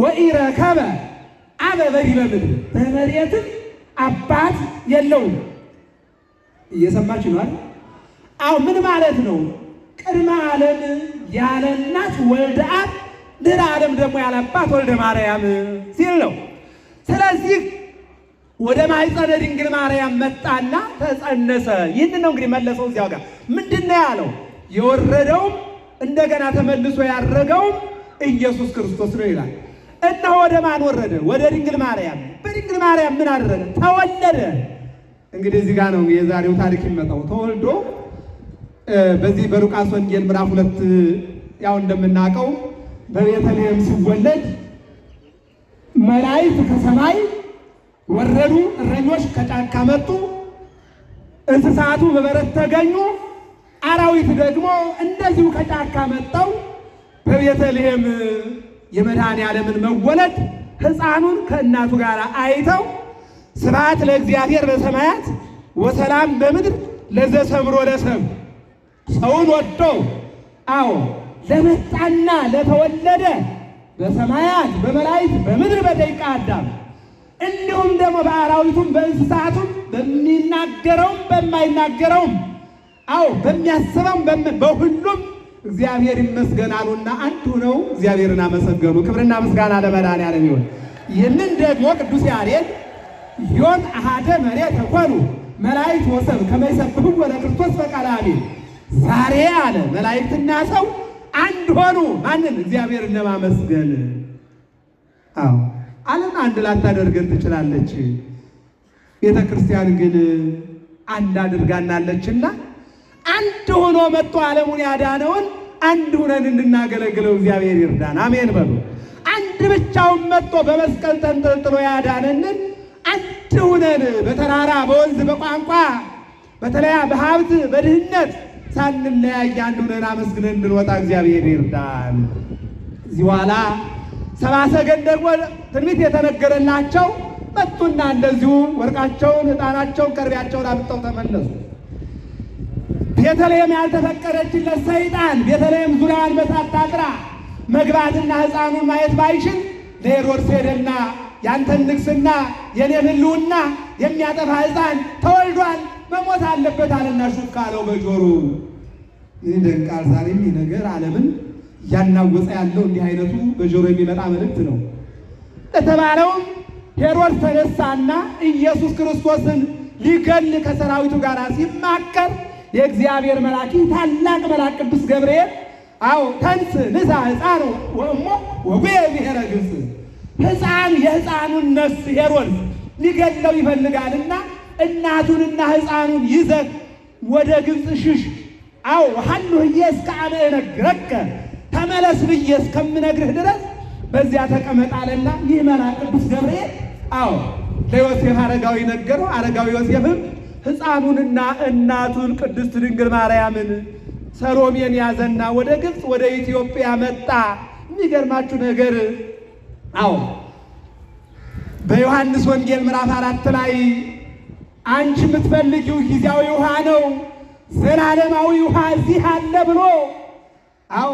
ወኢረከበ አበ በሪበ ምድር በመሬትም አባት የለውም። እየሰማች ነው አይደል? አዎ። ምን ማለት ነው? ቅድመ ዓለም ያለ እናት ወልደ አብ፣ ድኅረ ዓለም ደግሞ ያለ አባት ወልደ ማርያም ሲል ነው። ስለዚህ ወደ ማኅፀነ ድንግል ማርያም መጣና ተጸነሰ። ይህን ነው እንግዲህ መለሰው። እዚያው ጋር ምንድን ነው ያለው? የወረደውም እንደገና ተመልሶ ያረገውም ኢየሱስ ክርስቶስ ነው ይላል። እና ወደ ማን ወረደ? ወደ ድንግል ማርያም። በድንግል ማርያም ምን አደረገ? ተወለደ። እንግዲህ እዚህ ጋር ነው የዛሬው ታሪክ የሚመጣው። ተወልዶ በዚህ በሉቃስ ወንጌል ምዕራፍ ሁለት ያው እንደምናውቀው በቤተልሔም ሲወለድ መላእክት ከሰማይ ወረዱ፣ እረኞች ከጫካ መጡ፣ እንስሳቱ በበረት ተገኙ፣ አራዊት ደግሞ እንደዚሁ ከጫካ መጣው በቤተልሔም የመድኃኔ ዓለምን መወለድ ሕፃኑን ከእናቱ ጋር አይተው ስብሐት ለእግዚአብሔር በሰማያት ወሰላም በምድር ለዘሰብሮ ለሰብ ሰውን ወዶ አዎ ለመጣና ለተወለደ በሰማያት በመላእክት በምድር በደቂቀ አዳም እንዲሁም ደግሞ በአራዊቱም በእንስሳቱም በሚናገረውም በማይናገረውም አዎ በሚያስበውም በሁሉም እግዚአብሔር ይመስገን አሉና አንድ ሆነው እግዚአብሔርን አመሰገኑ። ክብርና ምስጋና ለመድኃኒዓለም ይሁን። ይህንን ደግሞ ቅዱስ ያሬድ ዮን አሃደ መሬት ተኮኑ መላእክት ወሰብ ከመይሰብሁ ወደ ክርስቶስ በቃል ዛሬ አለ መላእክትና ሰው አንድ ሆኑ። ማንን? እግዚአብሔርን ለማመስገን። አዎ ዓለም አንድ ላታደርገን ትችላለች። ቤተ ክርስቲያን ግን አንድ አድርጋናለችና አንድ ሆኖ መጥቶ ዓለሙን ያዳነውን አንድ ሁነን እንድናገለግለው እግዚአብሔር ይርዳን። አሜን በሉ። አንድ ብቻውን መጥቶ በመስቀል ተንጠልጥሎ ያዳነንን አንድ ሁነን በተራራ በወንዝ በቋንቋ በተለያ በሀብት በድህነት ሳንለያይ አንድ ሁነን አመስግነን እንድንወጣ እግዚአብሔር ይርዳን። እዚህ በኋላ ሰብአ ሰገል ደግሞ ትንቢት የተነገረላቸው መጡና እንደዚሁ ወርቃቸውን፣ ዕጣናቸውን፣ ከርቤያቸውን አምጥተው ተመለሱ። ቤተልሔም ያልተፈቀደችለት ሰይጣን ቤተልሔም ዙሪያን በሳት አጥራ መግባትና ሕፃኑን ማየት ባይችል ለሄሮድስ ሄደና ያንተን ንግስና የኔን ህልውና የሚያጠፋ ሕፃን ተወልዷል መሞት አለበት አለና ሹክ አለው በጆሮ። ይህ ደንቃል። ዛሬም ይህ ነገር ዓለምን እያናወፀ ያለው እንዲህ አይነቱ በጆሮ የሚመጣ መልእክት ነው። ለተባለውም ሄሮድስ ተነሳና ኢየሱስ ክርስቶስን ሊገል ከሰራዊቱ ጋር ሲማከር የእግዚአብሔር መልአክ ታላቅ መልአክ ቅዱስ ገብርኤል አዎ ተንስ ንሳ ህፃኑ ወእሞ ወጉየ ብሔረ ግብፅ ሕፃን የህፃኑን ነፍስ ሄሮድስ ሊገድለው ይፈልጋልና እናቱንና ህፃኑን ይዘህ ወደ ግብፅ ሽሽ። አዎ ሀሉ ህዬ እስከ አነ እነግረከ ተመለስ ብዬ እስከምነግርህ ድረስ በዚያ ተቀመጣለና ይህ መልአክ ቅዱስ ገብርኤል አዎ ለዮሴፍ አረጋዊ ነገረው። አረጋዊ ዮሴፍም ሕፃኑንና እናቱን ቅድስት ድንግል ማርያምን ሰሎሜን ያዘና ወደ ግብፅ ወደ ኢትዮጵያ መጣ። የሚገርማችሁ ነገር አዎ በዮሐንስ ወንጌል ምዕራፍ አራት ላይ አንቺ የምትፈልጊው ጊዜያዊ ውሃ ነው፣ ዘላለማዊ ውሃ እዚህ አለ ብሎ አዎ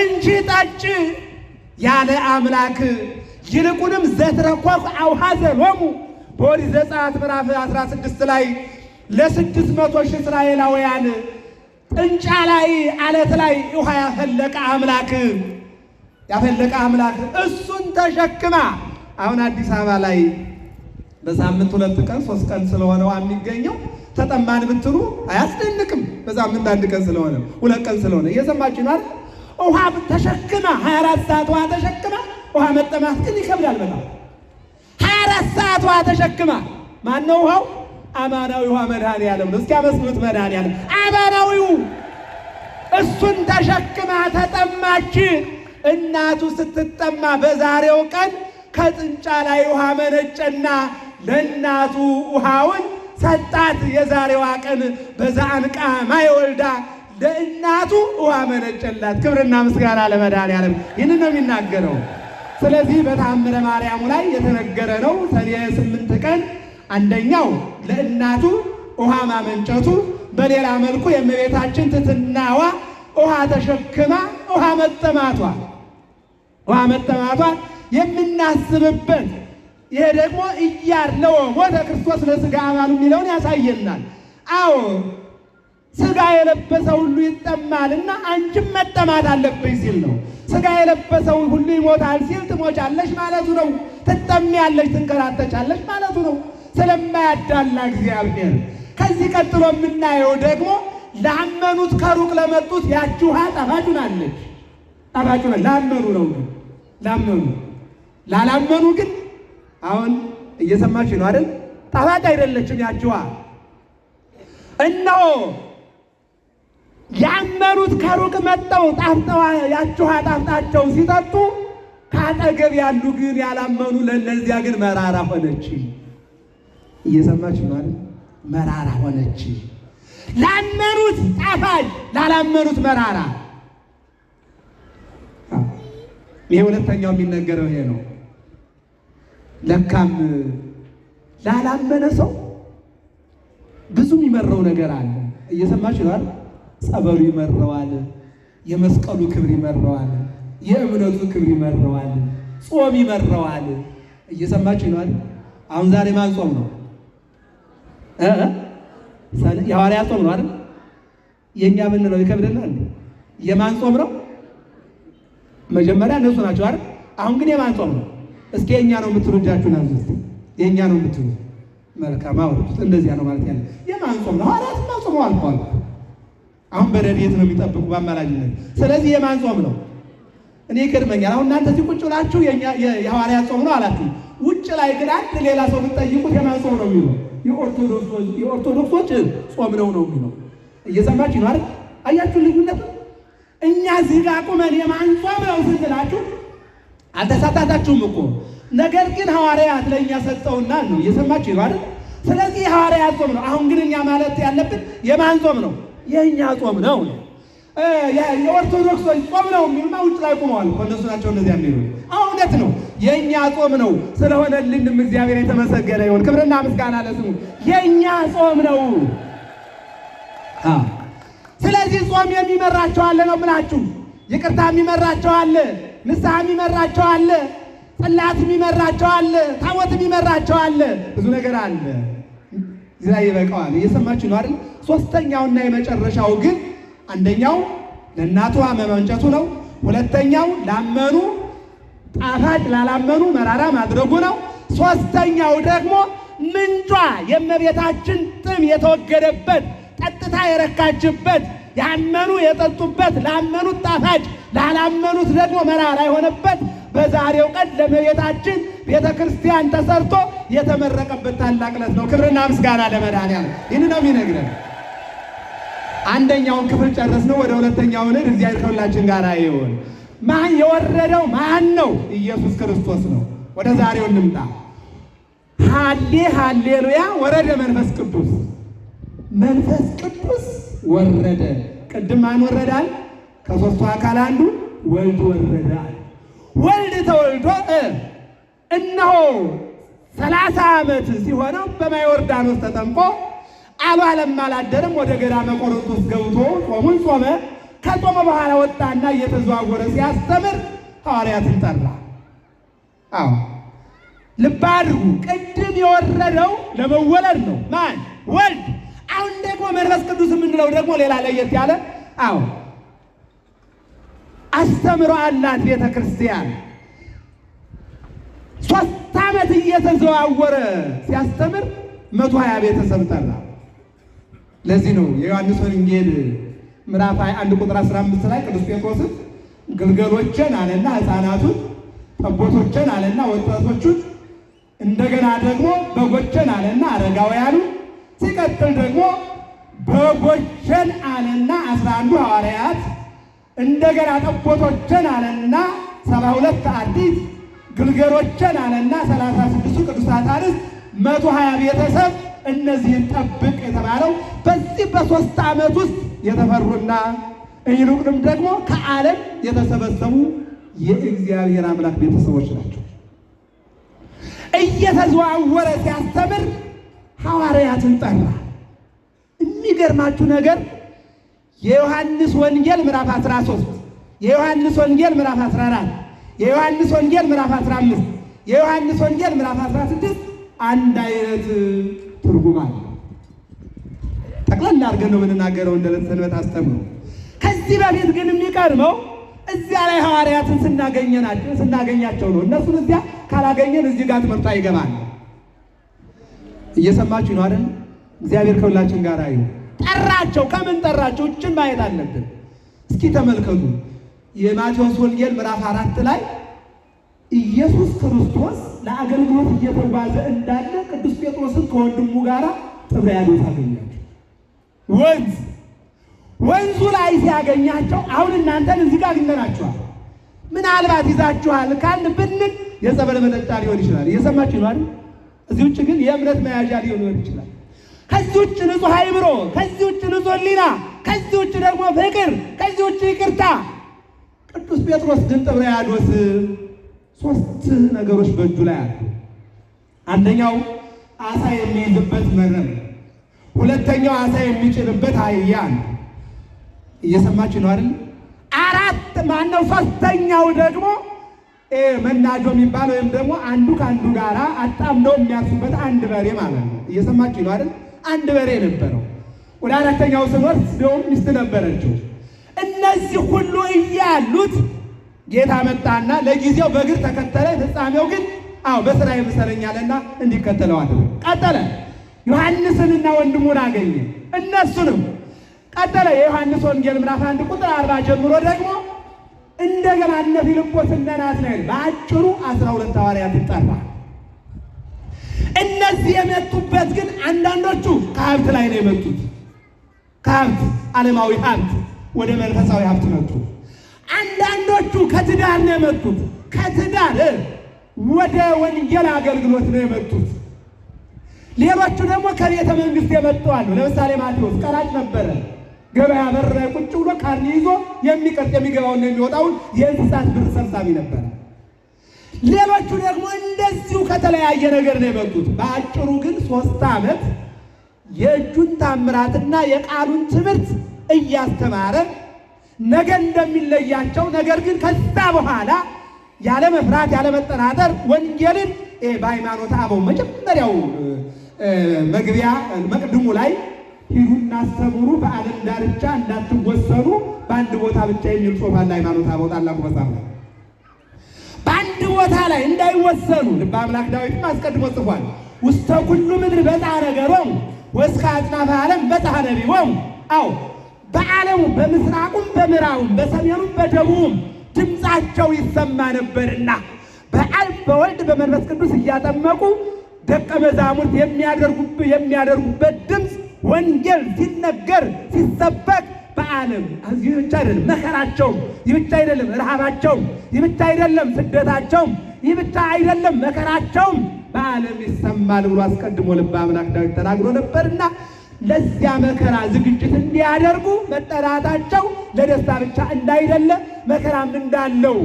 እንጂ ጠጭ ያለ አምላክ ይልቁንም ዘትረኳኩ አውሃ ዘሎሙ በኦሪት ዘጸአት ምዕራፍ 16 ላይ ለስድስት መቶ ሺህ እስራኤላውያን ጥንጫ ላይ አለት ላይ ውሃ ያፈለቀ አምላክ ያፈለቀ አምላክ እሱን ተሸክማ አሁን አዲስ አበባ ላይ በሳምንት ሁለት ቀን ሶስት ቀን ስለሆነ ውሃ የሚገኘው ተጠማን ብትሉ አያስደንቅም። በሳምንት አንድ ቀን ስለሆነ ሁለት ቀን ስለሆነ እየሰማችሁ ነው አይደል? ውሃ ተሸክማ 24 ሰዓት ውሃ ተሸክማ ውሃ መጠማት ግን ይከብዳል በጣም አራት ሰዓት ውሃ ተሸክማ ማነው ውሃው? አማናዊ ውሃ ነው። እስኪ አመስግኑት አማናዊው እሱን ተሸክማ ተጠማች። እናቱ ስትጠማ በዛሬው ቀን ከጥንጫ ላይ ውሃ መነጨና ለእናቱ ውሃውን ሰጣት። የዛሬዋ ቀን በዘአንቃ ማይወልዳ ለእናቱ ውሃ መነጨላት። ክብርና ምስጋና ይህን ነው የሚናገረው። ስለዚህ በታምረ ማርያሙ ላይ የተነገረ ነው። ሰኔ ስምንት ቀን አንደኛው ለእናቱ ውሃ ማመንጨቱ፣ በሌላ መልኩ የእመቤታችን ትትናዋ ውሃ ተሸክማ ውሃ መጠማቷ ውሃ መጠማቷ የምናስብበት ይሄ ደግሞ እያለው ሞተ ክርስቶስ ለስጋ አባሉ የሚለውን ያሳየናል። አዎ ስጋ የለበሰ ሁሉ ይጠማልና አንቺም መጠማት አለብኝ ሲል ነው። ስጋ የለበሰው ሁሉ ይሞታል ሲል ትሞቻለሽ ማለቱ ነው። ትጠሚያለሽ፣ ትንከራተቻለሽ ማለቱ ነው። ስለማያዳላ እግዚአብሔር ከዚህ ቀጥሎ የምናየው ደግሞ ላመኑት ከሩቅ ለመጡት ያች ውሃ ጣፋጭ ናለች። ጣፋጭ ነ ላመኑ ነው ላመኑ ላላመኑ ግን አሁን እየሰማችሁ ነው አይደል? ጣፋጭ አይደለችም ያች ውሃ እነሆ ያመኑት ከሩቅ መጠው ጣፍጠዋ ያችኋ ጣፍጣቸው ሲጠጡ ካጠገብ ያሉ ግን ያላመኑ ለእነዚያ ግን መራራ ሆነች። እየሰማች ማለት መራራ ሆነች። ላመኑት ጣፋጭ፣ ላላመኑት መራራ። ይሄ ሁለተኛው የሚነገረው ይሄ ነው። ለካም ላላመነ ሰው ብዙ የሚመረው ነገር አለ። እየሰማች ነው። ጸበሉ ይመረዋል። የመስቀሉ ክብር ይመረዋል። የእምነቱ ክብር ይመረዋል። ጾም ይመረዋል። እየሰማችሁ ይለዋል። አሁን ዛሬ ማን ጾም ነው? የሐዋርያ ጾም ነው አይደል? የእኛ ብንለው ይከብድናል። የማን ጾም ነው? መጀመሪያ እነሱ ናቸው አይደል? አሁን ግን የማን ጾም ነው? እስኪ የእኛ ነው የምትሉ እጃችሁን የእኛ ነው የምትሉ መልካም አውርዱት። እንደዚያ ነው ማለት ያለ የማን ጾም ነው? ሐዋርያትማ ጾመው አልፈዋል። አሁን በረድኤት ነው የሚጠብቁ በአማላጅነት። ስለዚህ የማን ጾም ነው? እኔ ይገርመኛል። አሁን እናንተ እዚህ ቁጭ ብላችሁ የሐዋርያ ጾም ነው አላችሁ። ውጭ ላይ ግን አንድ ሌላ ሰው ብትጠይቁት የማን ጾም ነው የሚለው የኦርቶዶክሶች ጾም ነው ነው የሚለው። እየሰማችሁ ነው አይደል? አያችሁ ልዩነት። እኛ እዚህ ጋር ቁመን የማን ጾም ነው ስትላችሁ አልተሳታታችሁም እኮ ነገር ግን ሐዋርያት ለእኛ ሰጠውና ነው። እየሰማችሁ ነው አይደል? ስለዚህ ሐዋርያት ጾም ነው። አሁን ግን እኛ ማለት ያለብን የማን ጾም ነው? የእኛ ጾም ነው የኦርቶዶክሶች ጾም ነው የሚሉማ ውጭ ላይ ቆመዋል። እነሱ ናቸው እነዚያ የሚሉ እውነት ነው። የእኛ ጾም ነው ስለሆነልንም እግዚአብሔር የተመሰገነ ይሁን። ክብርና ምስጋና ለስሙ። የእኛ ጾም ነው። ስለዚህ ጾም የሚመራቸው አለ ነው ብላችሁ ይቅርታ የሚመራቸው አለ፣ ንስሐ የሚመራቸው አለ፣ ጽላት የሚመራቸው አለ፣ ታቦት የሚመራቸው አለ፣ ብዙ ነገር አለ። እዚህ ይበቃዋል። እየሰማችሁ ነው አይደል? ሶስተኛውና የመጨረሻው ግን አንደኛው ለእናቱ መመንጨቱ ነው። ሁለተኛው ላመኑ ጣፋጭ ላላመኑ መራራ ማድረጉ ነው። ሶስተኛው ደግሞ ምንጯ የእመቤታችን ጥም የተወገደበት ጠጥታ የረካችበት ያመኑ የጠጡበት ላመኑት ጣፋጭ ላላመኑት ደግሞ መራራ የሆነበት በዛሬው ቀን ለእመቤታችን ቤተ ክርስቲያን ተሰርቶ የተመረቀበት ታላቅ ዕለት ነው። ክብርና ምስጋና ለመድኃኒዓለም። ይህን ነው የሚነግረን። አንደኛውን ክፍል ጨረስነው። ወደ ሁለተኛው ንድ እግዚአብሔር ከሁላችን ጋር ይሁን። ማን የወረደው ማን ነው? ኢየሱስ ክርስቶስ ነው። ወደ ዛሬው እንምጣ። ሃሌ ሃሌሉያ። ወረደ መንፈስ ቅዱስ፣ መንፈስ ቅዱስ ወረደ። ቅድም ማን ወረዳል? ከሶስቱ አካል አንዱ ወልድ ወረዳል። ወልድ ተወልዶ እነሆ ሰላሳ ዓመት ሲሆነው በማይወርዳኖስ ተጠምቆ አልዋለም አላደረም ወደ ገዳመ ቆሮንቶስ ገብቶ ጾሙን ጾመ። ከጾመ በኋላ ወጣና እየተዘዋወረ ሲያስተምር ሐዋርያትን ጠራ። አዎ ልብ አድርጉ። ቅድም የወረደው ለመወለድ ነው። ማን ወልድ። አሁን ደግሞ መንፈስ ቅዱስ የምንለው ደግሞ ሌላ ለየት ያለ አዎ አስተምሮ አላት ቤተ ክርስቲያን ሶስት ዓመት እየተዘዋወረ ሲያስተምር መቶ ሀያ ቤተሰብ ጠራ። ለዚህ ነው የዮሐንስ ወንጌል ምዕራፍ አንድ ቁጥር 15 ላይ ቅዱስ ጴጥሮስን ግልገሎችን አለና ሕፃናቱን ጠቦቶችን አለና ወጣቶቹን እንደገና ደግሞ በጎችን አለና አረጋውያኑ ሲቀጥል ደግሞ በጎችን አለና አስራ አንዱ ሐዋርያት እንደገና ጠቦቶችን አለና ሰባ ሁለት አዲስ ግልገሎችን አለና ሰላሳ ስድስቱ ቅዱሳት አንስት መቶ ሀያ ቤተሰብ እነዚህን ጠብቅ የተባለው በዚህ በሶስት ዓመት ውስጥ የተፈሩና ይልቁንም ደግሞ ከዓለም የተሰበሰቡ የእግዚአብሔር አምላክ ቤተሰቦች ናቸው። እየተዘዋወረ ሲያስተምር ሐዋርያትን ጠራ። የሚገርማችሁ ነገር የዮሐንስ ወንጌል ምዕራፍ 13 የዮሐንስ ወንጌል ምዕራፍ 14 የዮሐንስ ወንጌል ምዕራፍ 15 የዮሐንስ ወንጌል ምዕራፍ 16 አንድ አይነት ትርጉም አለ። ጠቅላላ አድርገን ነው የምንናገረው እንደ ሰንበት አስተምሮ። ከዚህ በፊት ግን የሚቀርበው እዚያ ላይ ሐዋርያትን ስናገኘናቸው ስናገኛቸው ነው። እነሱን እዚያ ካላገኘን እዚህ ጋር ትምህርቷ ይገባል። እየሰማችሁ ነው አይደል? እግዚአብሔር ከሁላችን ጋር ይሁን። ጠራቸው። ከምን ጠራቸው? እችን ማየት አለብን። እስኪ ተመልከቱ። የማቴዎስ ወንጌል ምዕራፍ አራት ላይ ኢየሱስ ክርስቶስ ለአገልግሎት እየተጓዘ እንዳለ ቅዱስ ጴጥሮስን ከወንድሙ ጋር ጥብርያዶስ አገኛቸው። ወንዝ ወንዙ ላይ ሲያገኛቸው አሁን እናንተን እዚህ ጋር አግኝተናችኋል። ምናልባት ይዛችኋል ካልን ብንል የጸበል መጠጫ ሊሆን ይችላል። እየሰማችሁ ነው አይደል? እዚህ ውጭ ግን የእምነት መያዣ ሊሆን ይችላል። ከዚህ ውጭ ንጹህ አይምሮ፣ ከዚህ ውጭ ንጹህ ሊና፣ ከዚህ ውጭ ደግሞ ፍቅር፣ ከዚህ ውጭ ይቅርታ ቅዱስ ጴጥሮስ ግን ጥብርያዶስ ሶስት ነገሮች በእጁ ላይ አሉ። አንደኛው አሳ የሚይዝበት መረብ፣ ሁለተኛው አሳ የሚጭንበት አህያ። እየሰማችሁ ነው አይደል? አራት ማነው? ሶስተኛው ደግሞ መናጆ የሚባል ወይም ደግሞ አንዱ ከአንዱ ጋራ አጣምደው የሚያርሱበት አንድ በሬ ማለት ነው። እየሰማችሁ ነው አይደል? አንድ በሬ ነበረው። ወደ አራተኛው ስኖር እንደውም ሚስት ነበረችው። እነዚህ ሁሉ እያሉት ጌታ መጣና ለጊዜው በእግር ተከተለ። ፍጻሜው ግን አዎ በስራ የምሰረኛለና እንዲከተለው ቀጠለ። ዮሐንስንና ወንድሙን አገኘ። እነሱንም ቀጠለ። የዮሐንስ ወንጌል ምዕራፍ አንድ ቁጥር አርባ ጀምሮ ደግሞ እንደገና እነ ፊልጶስና ናትናኤል በአጭሩ አስራ ሁለት ሐዋርያትን ጠራ። እነዚህ የመጡበት ግን አንዳንዶቹ ከሀብት ላይ ነው የመጡት፣ ከሀብት ዓለማዊ ሀብት ወደ መንፈሳዊ ሀብት መጡ። አንዳንዶቹ ከትዳር ነው የመጡት። ከትዳር ወደ ወንጌል አገልግሎት ነው የመጡት። ሌሎቹ ደግሞ ከቤተ መንግስት የመጡ አሉ። ለምሳሌ ማቴዎስ ቀራጭ ነበረ። ገበያ በር ላይ ቁጭ ብሎ ካርኒ ይዞ የሚቀርጥ የሚገባውን የሚወጣውን የእንስሳት ብር ሰብሳቢ ነበረ። ሌሎቹ ደግሞ እንደዚሁ ከተለያየ ነገር ነው የመጡት። በአጭሩ ግን ሶስት ዓመት የእጁን ታምራትና የቃሉን ትምህርት እያስተማረን ነገ እንደሚለያቸው ነገር ግን ከዛ በኋላ ያለ መፍራት ያለ መጠራጠር ወንጌልን በሃይማኖት አበው መጀመሪያው መግቢያ መቅድሙ ላይ ሂዱና አስተምሩ፣ በዓለም ዳርቻ እንዳትወሰኑ በአንድ ቦታ ብቻ የሚል ጽሑፍ አለ። ሃይማኖት አበው ታላቁ መጽሐፍ ላይ በአንድ ቦታ ላይ እንዳይወሰኑ ልበ አምላክ ዳዊትም አስቀድሞ ጽፏል። ውስተ ኩሉ ምድር በጣ ነገሮም ወስከ አጽናፈ ዓለም በጣ ነቢቦም አው በዓለሙ በምስራቁም በምዕራቡም በሰሜኑም በደቡቡም ድምፃቸው ይሰማ ነበርና በአብ በወልድ በመንፈስ ቅዱስ እያጠመቁ ደቀ መዛሙርት የሚያደርጉበት ድምፅ ወንጌል ሲነገር ሲሰበክ በዓለም ይህ ብቻ አይደለም፣ መከራቸውም ይህ ብቻ አይደለም፣ ረሃባቸውም ይህ ብቻ አይደለም፣ ስደታቸውም ይህ ብቻ አይደለም፣ መከራቸውም በዓለም ይሰማል ብሎ አስቀድሞ ልበ አምላክ ዳዊት ተናግሮ ነበርና ለዚያ መከራ ዝግጅት እንዲያደርጉ መጠራታቸው ለደስታ ብቻ እንዳይደለ መከራም እንዳለው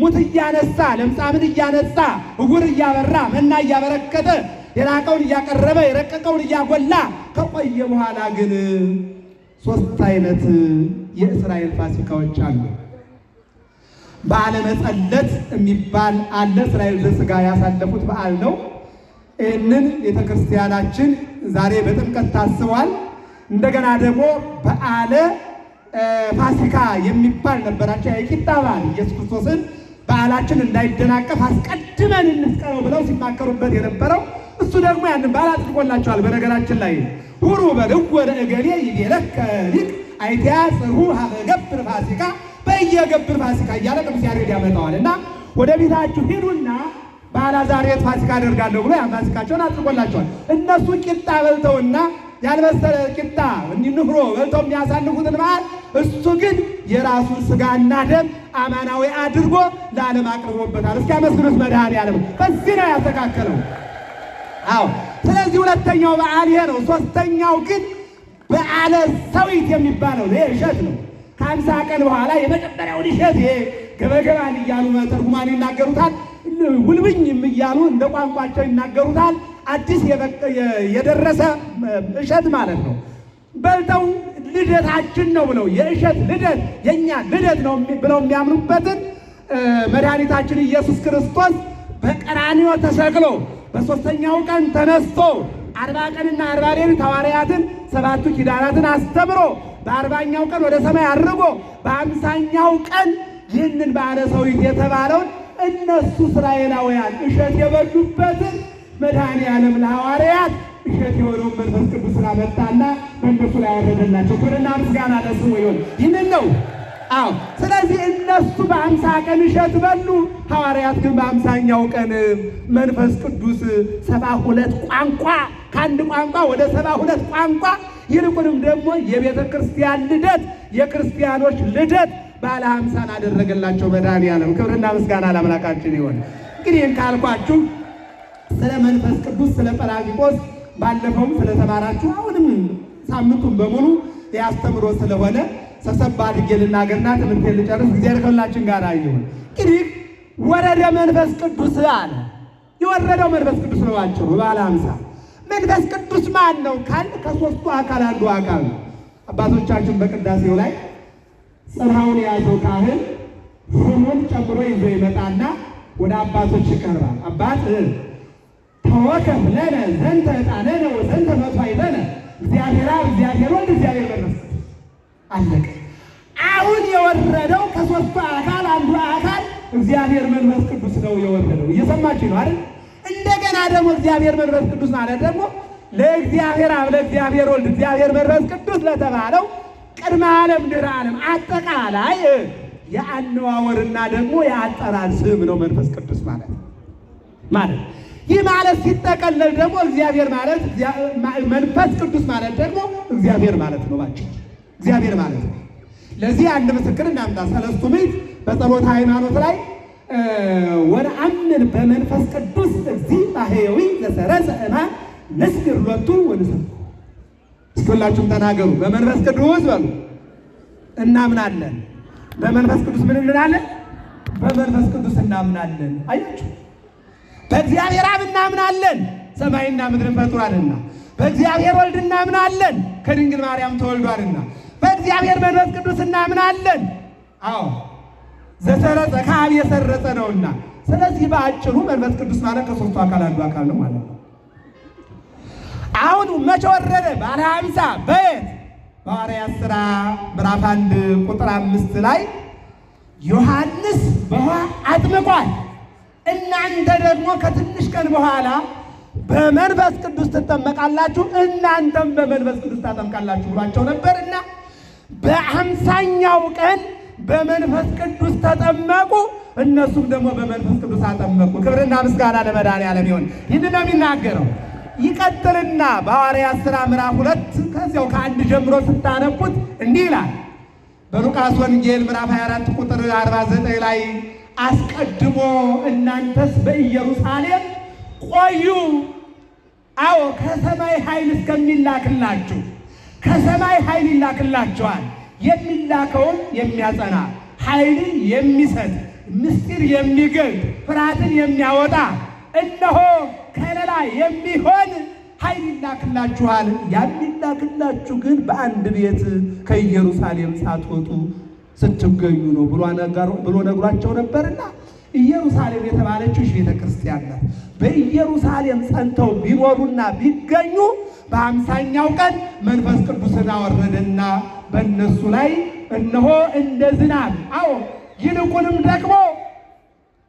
ሙት እያነሳ ለምጻምን እያነሳ እውር እያበራ መና እያበረከተ የራቀውን እያቀረበ የረቀቀውን እያጎላ ከቆየ በኋላ ግን ሶስት አይነት የእስራኤል ፋሲካዎች አሉ። በዓለ መጸለት የሚባል አለ። እስራኤል ዘሥጋ ያሳለፉት በዓል ነው። ይህንን ቤተክርስቲያናችን ዛሬ በጥምቀት ታስቧል። እንደገና ደግሞ በዓለ ፋሲካ የሚባል ነበራቸው የቂጣ በዓል ኢየሱስ ክርስቶስን በዓላችን እንዳይደናቀፍ አስቀድመን እንስቀረው ብለው ሲማከሩበት የነበረው እሱ ደግሞ ያንን በዓል አጥልቆላቸዋል። በነገራችን ላይ ሁሩ በልግ ወደ እገሌ ይቤለከ ሊቅ አይቲያ ጽሩ ሀበ ገብር ፋሲካ በየገብር ፋሲካ እያለ ቅዱስ ያሬድ ያመጣዋል እና ወደ ቤታችሁ ሂዱና በአልዓዛር ቤት ፋሲካ አደርጋለሁ ብሎ ያን ፋሲካቸውን አድርጎላቸዋል። እነሱ ቂጣ በልተውና ያልበሰለ ቂጣ ንፍሮ በልተው የሚያሳልፉትን በዓል እሱ ግን የራሱን ስጋና ደም አማናዊ አድርጎ ለዓለም አቅርቦበታል። እስኪ አመስግኑት መድኃኔዓለም። በዚህ ነው ያስተካከለው። አዎ። ስለዚህ ሁለተኛው በዓል ይሄ ነው። ሶስተኛው ግን በዓለ ሰዊት የሚባለው ይሄ እሸት ነው። ከአምሳ ቀን በኋላ የመጀመሪያውን እሸት ይሄ ገበገባን እያሉ መተርጉማን ይናገሩታል። ውልብኝም እያሉ እንደ ቋንቋቸው ይናገሩታል። አዲስ የደረሰ እሸት ማለት ነው። በልተው ልደታችን ነው ብለው የእሸት ልደት የእኛ ልደት ነው ብለው የሚያምኑበትን መድኃኒታችን ኢየሱስ ክርስቶስ በቀራንዮ ተሰቅሎ በሦስተኛው ቀን ተነስቶ አርባ ቀንና አርባ ሌሊት ሐዋርያትን ሰባቱ ኪዳናትን አስተምሮ በአርባኛው ቀን ወደ ሰማይ አድርጎ በአምሳኛው ቀን ይህንን ባለ ሰዊት የተባለውን እነሱ እስራኤላውያን እሸት የበሉበትን መድኃኔ ዓለም ለሐዋርያት እሸት የሆነውን መንፈስ ቅዱስ ስላመጣና በእነሱ ላይ ያረደላቸው ክብርና ምስጋና ለስሙ ይሁን። ይህንን ነው አዎ። ስለዚህ እነሱ በአምሳ ቀን እሸት በሉ፣ ሐዋርያት ግን በአምሳኛው ቀን መንፈስ ቅዱስ ሰባ ሁለት ቋንቋ ከአንድ ቋንቋ ወደ ሰባ ሁለት ቋንቋ ይልቁንም ደግሞ የቤተ ክርስቲያን ልደት የክርስቲያኖች ልደት ባለ ሀምሳን አደረገላቸው መድኃኒዓለም። ክብርና ምስጋና ለአምላካችን ይሆን። እንግዲህ ካልኳችሁ ስለ መንፈስ ቅዱስ ስለ ጰራቅሊጦስ ባለፈውም ስለተማራችሁ አሁንም ሳምንቱን በሙሉ ያስተምሮ ስለሆነ ሰብሰብ አድርጌ ልናገርና ትምህርቴን ልጨርስ። እግዚአብሔር ከሁላችን ጋር ይሁን። እንግዲህ ወረደ መንፈስ ቅዱስ አለ። የወረደው መንፈስ ቅዱስ ነው። አጭሩ ባለ ሀምሳ መንፈስ ቅዱስ ማን ነው ካል ከሶስቱ አካል አንዱ አካል ነው። አባቶቻችን በቅዳሴው ላይ ጽርሐውን የያዘው ካህን ስሙን ጨምሮ ይዞ ይመጣና ወደ አባቶች ይቀርባል። አባት ተወከፍ ለነ ዘንተ ዕጣነነ ወዘንተ መሥዋዕተነ እግዚአብሔር አብ፣ እግዚአብሔር ወልድ፣ እግዚአብሔር መንፈስ አለቀ። አሁን የወረደው ከሶስቱ አካል አንዱ አካል እግዚአብሔር መንፈስ ቅዱስ ነው የወረደው። እየሰማችሁ ነው አይደል? እንደገና ደግሞ እግዚአብሔር መንፈስ ቅዱስ ማለት ደግሞ ለእግዚአብሔር አብ፣ ለእግዚአብሔር ወልድ፣ እግዚአብሔር መንፈስ ቅዱስ ለተባለው ቅድመ ዓለም ድህረ ዓለም አጠቃላይ የአነዋወርና ደግሞ የአጠራር ስም ነው መንፈስ ቅዱስ ማለት ማለት ይህ ማለት ሲጠቀለል ደግሞ እግዚአብሔር ማለት መንፈስ ቅዱስ ማለት ደግሞ እግዚአብሔር ማለት ነው ባቸው እግዚአብሔር ማለት ነው። ለዚህ አንድ ምስክር እናምጣ። ሰለስቱ ምዕት በጸሎተ ሃይማኖት ላይ ወነአምን በመንፈስ ቅዱስ እግዚእ ባሕየዊ ዘሰረጸ እማን ነስግር ሎቱ ወንሰብኩ እስኪላችሁም ተናገሩ። በመንፈስ ቅዱስ በሉ እናምናለን። በመንፈስ ቅዱስ ምን እንላለን? በመንፈስ ቅዱስ እናምናለን። አያችሁ፣ በእግዚአብሔር አብ እናምናለን፣ ሰማይና ምድርን ፈጥሯልና። በእግዚአብሔር ወልድ እናምናለን፣ ከድንግል ማርያም ተወልዷልና። በእግዚአብሔር መንፈስ ቅዱስ እናምናለን። አዎ ዘሰረጸ ከአብ የሰረጸ ነውና። ስለዚህ በአጭሩ መንፈስ ቅዱስ ማለት ከሶስቱ አካል አንዱ አካል ነው ማለት ነው። አሁን መቼ ወረደ? ባለ ሐቢሳ በየት? በሐዋርያት ሥራ ምዕራፍ አንድ ቁጥር አምስት ላይ ዮሐንስ በውሃ አጥምቋል፣ እናንተ ደግሞ ከትንሽ ቀን በኋላ በመንፈስ ቅዱስ ትጠመቃላችሁ፣ እናንተም በመንፈስ ቅዱስ ታጠምቃላችሁ ብሏቸው ነበርና በአምሳኛው ቀን በመንፈስ ቅዱስ ተጠመቁ። እነሱም ደግሞ በመንፈስ ቅዱስ አጠመቁ። ክብርና ምስጋና ለመድኃኔዓለም ይሁን። ይህን ነው የሚናገረው። ይቀጥልና በሐዋርያት ሥራ ምዕራፍ ሁለት ከዚያው ከአንድ ጀምሮ ስታነቡት እንዲህ ይላል። በሉቃስ ወንጌል ምዕራፍ 24 ቁጥር 49 ላይ አስቀድሞ እናንተስ በኢየሩሳሌም ቆዩ፣ አዎ ከሰማይ ኃይል እስከሚላክላችሁ ከሰማይ ኃይል ይላክላችኋል። የሚላከውን የሚያጸና ኃይልን የሚሰጥ ምስጢር የሚገልጥ ፍርሃትን የሚያወጣ እነሆ ከለላ የሚሆን ኃይል ይላክላችኋል። ያን ይላክላችሁ ግን በአንድ ቤት ከኢየሩሳሌም ሳትወጡ ስትገኙ ነው ብሎ ነግሯቸው ነበርና ኢየሩሳሌም የተባለችው ቤተ ክርስቲያን ናት። በኢየሩሳሌም ጸንተው ቢኖሩና ቢገኙ በአምሳኛው ቀን መንፈስ ቅዱስን አወረደና በእነሱ ላይ እነሆ እንደ ዝናብ አዎ ይልቁንም ደግሞ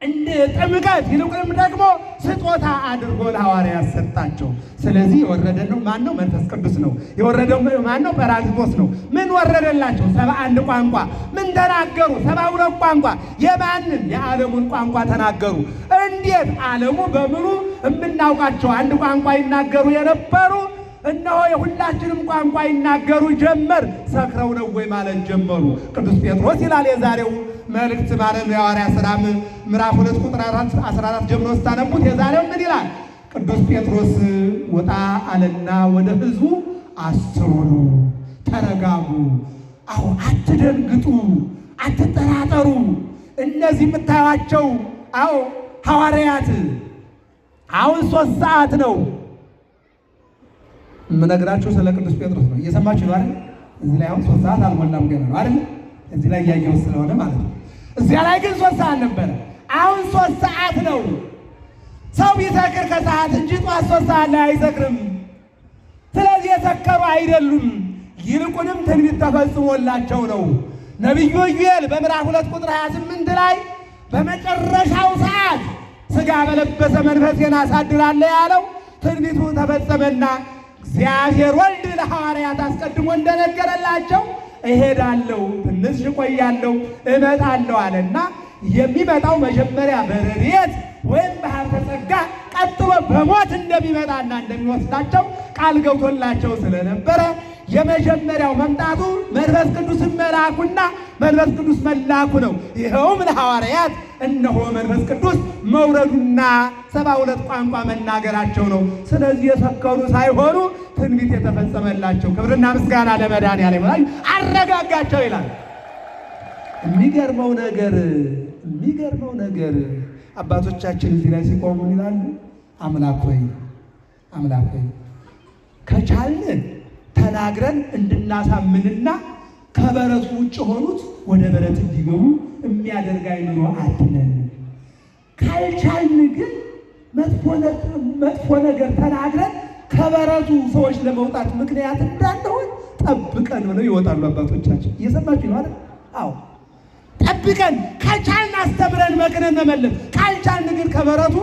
እንደ ጥምቀት ይልቁንም ደግሞ ስጦታ አድርጎ ለሐዋርያት ሰጣቸው። ስለዚህ የወረደው ማን ነው? መንፈስ ቅዱስ ነው። የወረደው ማን ነው? ጰራቅሊጦስ ነው። ምን ወረደላቸው? ሰባ አንድ ቋንቋ። ምን ተናገሩ? ሰባ ሁለት ቋንቋ። የማንን? የዓለሙን ቋንቋ ተናገሩ። እንዴት? ዓለሙ በምኑ የምናውቃቸው አንድ ቋንቋ ይናገሩ የነበሩ እነሆ የሁላችንም ቋንቋ ይናገሩ ጀመር። ሰክረው ነው ወይ ማለት ጀመሩ። ቅዱስ ጴጥሮስ ይላል የዛሬው መልእክት ማለት የሐዋርያ ሥራ ምዕራፍ ሁለት ቁጥር 14 ጀምሮ ስታነቡት የዛሬው ምን ይላል? ቅዱስ ጴጥሮስ ወጣ አለና ወደ ህዝቡ አስተውሉ፣ ተረጋጉ፣ አሁ አትደንግጡ፣ አትጠራጠሩ። እነዚህ የምታዩቸው አዎ ሐዋርያት አሁን ሶስት ሰዓት ነው የምነግራችሁ ስለ ቅዱስ ጴጥሮስ ነው። እየሰማችሁ ነው አይደል? እዚህ ላይ አሁን ሶስት ሰዓት አልሞላም ገና ነው አይደል? እዚህ ላይ እያየሁት ስለሆነ ማለት ነው። እዚያ ላይ ግን ሶስት ሰዓት ነበረ። አሁን ሶስት ሰዓት ነው። ሰው ቢሰክር ከሰዓት እንጂ ጧት ሶስት ሰዓት ላይ አይሰክርም። ስለዚህ የሰከሩ አይደሉም። ይልቁንም ትንቢት ተፈጽሞላቸው ነው። ነቢዩ ኢዩኤል በምዕራፍ ሁለት ቁጥር 28 ላይ በመጨረሻው ሰዓት ስጋ በለበሰ መንፈሴን አሳድራለሁ ያለው ትንቢቱ ተፈጸመና እግዚአብሔር ወልድ ለሐዋርያት አስቀድሞ እንደነገረላቸው እሄዳለሁ፣ ትንሽ ቆያለሁ፣ እመጣለሁ አለና የሚመጣው መጀመሪያ በረድኤት ወይም በሀብተ ጸጋ ቀጥሎ በሞት እንደሚመጣና እንደሚወስዳቸው ቃል ገብቶላቸው ስለነበረ የመጀመሪያው መምጣቱ መንፈስ ቅዱስን መላኩና መንፈስ ቅዱስ መላኩ ነው። ይኸውም ለሐዋርያት እነሆ መንፈስ ቅዱስ መውረዱና ሰባ ሁለት ቋንቋ መናገራቸው ነው። ስለዚህ የሰከሩ ሳይሆኑ ትንቢት የተፈጸመላቸው ክብርና ምስጋና ለመድኃኒዓለም አረጋጋቸው ይላል። የሚገርመው ነገር የሚገርመው ነገር አባቶቻችን እዚህ ላይ ሲቆሙ ይላሉ፣ አምላክ ሆይ አምላክ ሆይ ከቻልን ተናግረን እንድናሳምንና ከበረቱ ውጭ ሆኑት ወደ በረት እንዲገቡ የሚያደርግ አይምሮ አድለን። ካልቻልን ግን መጥፎ ነገር ተናግረን ከበረቱ ሰዎች ለመውጣት ምክንያት እንዳለሆን ጠብቀን ብለው ይወጣሉ አባቶቻችን። እየሰማችሁ ነው አይደል? አዎ ጠብቀን ከቻልን አስተምረን መክረን መመለስ፣ ካልቻልን ግን ከበረቱ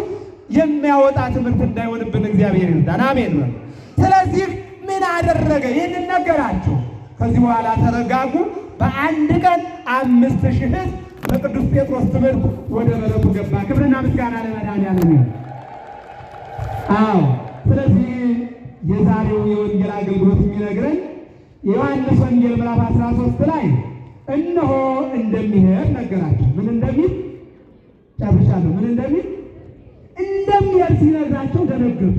የሚያወጣ ትምህርት እንዳይሆንብን እግዚአብሔር ይርዳን። አሜን። ስለዚህ ይህንን አደረገ። ይህንን ነገራችሁ። ከዚህ በኋላ ተረጋጉ። በአንድ ቀን አምስት ሺህ በቅዱስ ጴጥሮስ ትምህርት ወደ መለኩ ገባ። ክብርና ምስጋና ለመድኃኒዓለም ነው። አዎ፣ ስለዚህ የዛሬው የወንጌል አገልግሎት የሚነግረን የዮሐንስ ወንጌል ምዕራፍ 13 ላይ እነሆ እንደሚሄድ ነገራቸው። ምን እንደሚል ጨርሻለሁ። ምን እንደሚል እንደሚሄድ ሲነግራቸው ደነገጡ።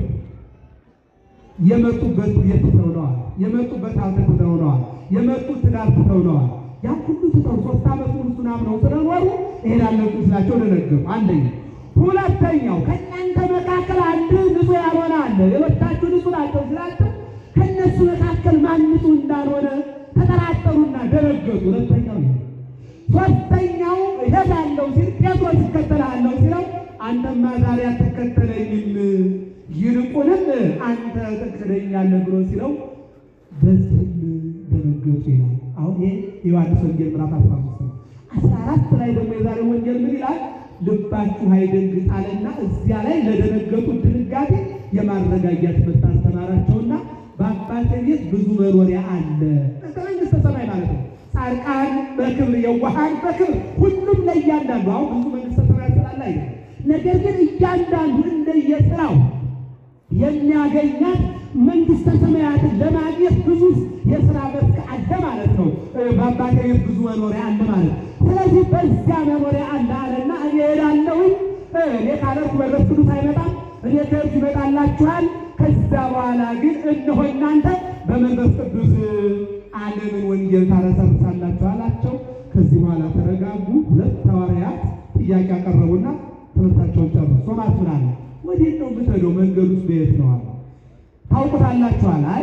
የመጡበት ቤት ተውነዋል። የመጡበት ሀገር ተውነዋል። የመጡት ትዳር ተውነዋል። ያ ሁሉ ትተው ሶስት ዓመት ሙሉ ሱናም ምናምነው ስለኖሩ እሄዳለሁ ስላቸው ደነገሩ። አንደኛ። ሁለተኛው ከእናንተ መካከል አንድ ንጹህ ያልሆነ አለ። ሌሎቻችሁ ንጹህ ናቸው ስላቸው ከእነሱ መካከል ማን ንጹሕ እንዳልሆነ ተጠራጠሩና ደነገጡ። ሁለተኛው ሶስተኛው እሄዳለሁ ሲል ጴጥሮስ ይከተልሃለሁ ሲለው አንተማ ዛሬ አትከተለኝም ይልቁንም አንተ ተክደኛለህ ብሎ ሲለው በዚህም ደነገጡ ይላል። አሁን ይሄ የዮሐንስ ወንጌል ምዕራፍ አስራ አምስት ነው። አስራ አራት ላይ ደግሞ የዛሬው ወንጌል ምን ይላል? ልባችሁ አይደንግጥ አለና እዚያ ላይ ለደነገጡ ድንጋጤ የማረጋጋት መብት አስተማራቸውና በአባቴ ቤት ብዙ መኖሪያ አለ። መንግሥተ ሰማይ ማለት ነው። ጻድቃን በክብር የዋሃን በክብር ሁሉም ለእያንዳንዱ አሁን ብዙ መንግሥተ ሰማይ ስላለ ነገር ግን እያንዳንዱ እንደየስራው የሚያገኛት መንግስተ ሰማያት ለማግኘት ብዙ የስራ መስክ አለ ማለት ነው። በአባቴ ብዙ መኖሪያ አለ ማለት ስለዚህ በዚያ መኖሪያ አለ አለና እኔ እሄዳለሁኝ። እኔ ካለርኩ መንፈስ ቅዱስ አይመጣም፣ እኔ ከእርሱ ይመጣላችኋል። ከዛ በኋላ ግን እነሆ እናንተ በመንፈስ ቅዱስ ዓለምን ወንጌል ታረሰርሳላችሁ አላቸው። ከዚህ በኋላ ተረጋጉ። ሁለት ሐዋርያት ጥያቄ አቀረቡና ትምህርታቸውን ጨርሱ ጨርሶ ማስምራለ ወዴት ነው የምትሄደው? መንገዱ ውስጥ በየት ነው አለ። ታውቁታላችኋል። አይ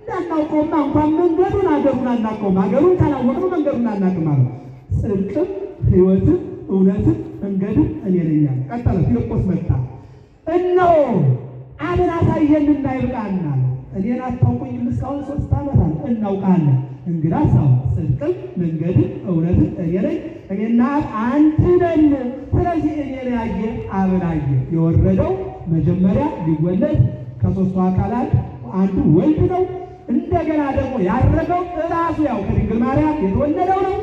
እንዳናውቀውማ እንኳን መንገዱን አገሩን አናውቀውም። አገሩን ካላወቅነው መንገዱን አናውቅም አለ። ጽድቅም ሕይወትም እውነትም መንገድም እኔ ነኝ አለ። ቀጠለ። ፊልጶስ መጣ። እነሆ አብን አሳየንና ይብቃና እኔን አታውቁኝም እስካሁን ሶስት ዓመት አለ። እናውቃለን እንግዳ ሰው ጽድቅም መንገድም እውነትም እኔ ነኝ፣ እኔና አንድ ነን። ስለዚህ እኔ ያየ አብን አየ የወረደው መጀመሪያ ሊወለድ ከሶስቱ አካላት አንዱ ወልድ ነው። እንደገና ደግሞ ያረገው እራሱ ያው ከድንግል ማርያም የተወለደው ነው።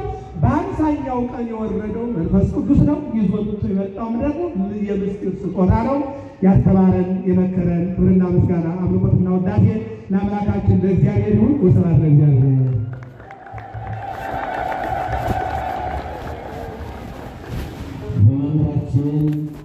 በአምሳኛው ቀን የወረደው መንፈስ ቅዱስ ነው። ይዞቱ የመጣውም ደግሞ የምስጢር ስጦታ ነው። ያስተማረን የመከረን፣ ክብርና ምስጋና አምልኮትና ውዳሴ ለአምላካችን ለእግዚአብሔር ይሁን። ወስብሐት ለእግዚአብሔር። በመምህራችን